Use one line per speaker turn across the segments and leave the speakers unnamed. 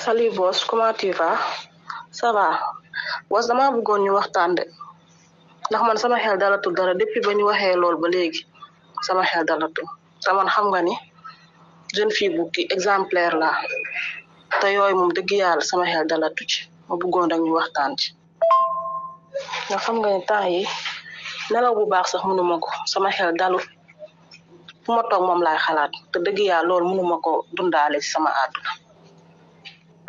sali boss comment tu vas ça va boss damaa ñu waxtaan de ndax man sama xel dalatul dara depuis ba ñu waxee lool ba léegi sama xel dalatul te man xam nga ni jeune fille bu kii exemplaire la te yooyu moom dëgg yàlla sama xel dalatu ma bëggoon rek ñu waxtaan ci ndax xam nga ni temps yi nelaw bu baax sax mënuma ko sama xel dalul fu ma toog moom laay xalaat te dëgg yàlla loolu mënuma ko dundaale sama àdduna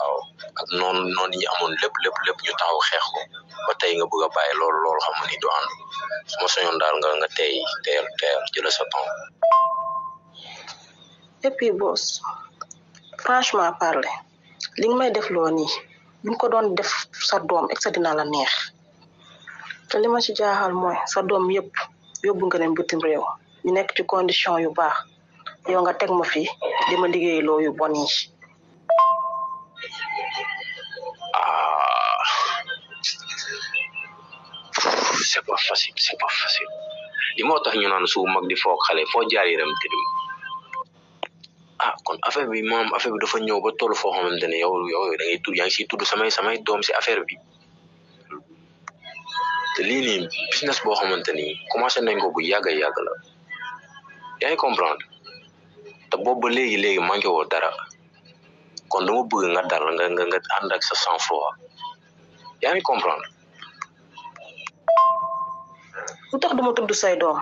waaw ak noonu noonu ñu amoon lépp lépp lépp ñu taxaw xeex ko ba tey nga bëgg a bàyyi loolu loolu xam ni doo ànd su ma soñoon daal nga nga tey teel teel jëla sa
temps. et puis boss parler li nga may def loo nii buñ ko doon def sa doom et sa dina la neex te li ma ci jaaxal mooy sa doom yëpp yóbbu nga leen bitim réew ñu nekk ci condition yu baax yow nga teg ma fi di ma liggéey yu bon
c'est pas facile c'est pas facile Di moo tax ñu naan su mag di fo xalé fo jaar yaram dum. ah kon affaire bi mom affaire bi dafa ñëw ba tollu fo xamantene yow yow da ngay tudd yaa ci tuddu samay samay dom si affaire bi te li ni business bo xamantene commencé nañ ko bu yàgg yag la Yaay comprendre te boobu ba léegi ma ngi wo dara kon dama bëgg nga dal nga nga nga ak sa sang froid Yaay comprendre
lu tax ma tudd say doom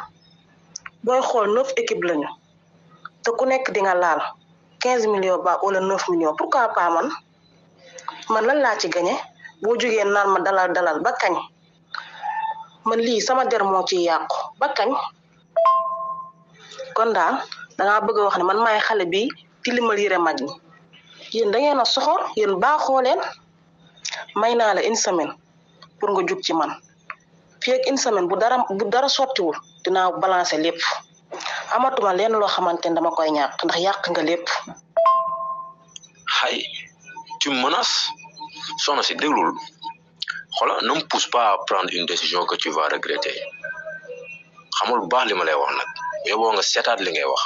booy xool neuf équipe lañu te ku nekk di nga laal quinze millions ba wala neuf millions pourquoi pas man man lan laa ci gañe boo jógee naan ma dalal dalal ba kañ man lii sama der moo ci yàqu ba kañ kon daal dangaa bëgg a ne man may xale bi tilimal yëre mag ñi yéen da a soxor yéen baaxoo leen may naa la une semaine pour nga jug ci man fii une semaine bu dara bu dara wul dina balancer lepp amatuma lenn loo xamante ne dama koy ñàkk ndax yak nga lepp
hay tu menaces soxna ci deglul xola ne me pousse pas à prendre une décision que tu vas regretter xamul baax li ma lay wax nak yobo nga setat li ngay wax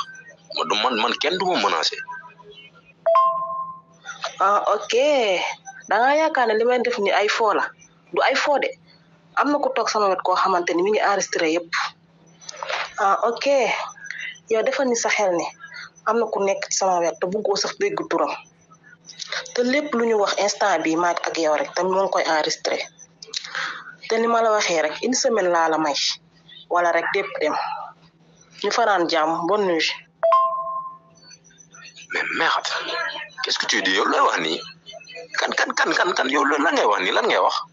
ma du man man kenn du ma menacer.
ah ok da nga yakane limay def ni ay fo la du ay fo de amna na ku toog sama wet ko xamanteni mi ngi enregistré yëpp ah ok ya defal ni sa xel ni amna na ku nekk ci sama wet te ko sax dégg turam te lépp lu ñu wax instant bi ma ak yow rek tam mo ngi koy enregistré te ni mala la rek une semaine la la may wala rek dépp dem ñu faran jam bonne nuit.
mais merde qu'est-ce que tu dis yow looy wax ni kan kan kan kan kan yow la ngay wax ni lan ngay wax.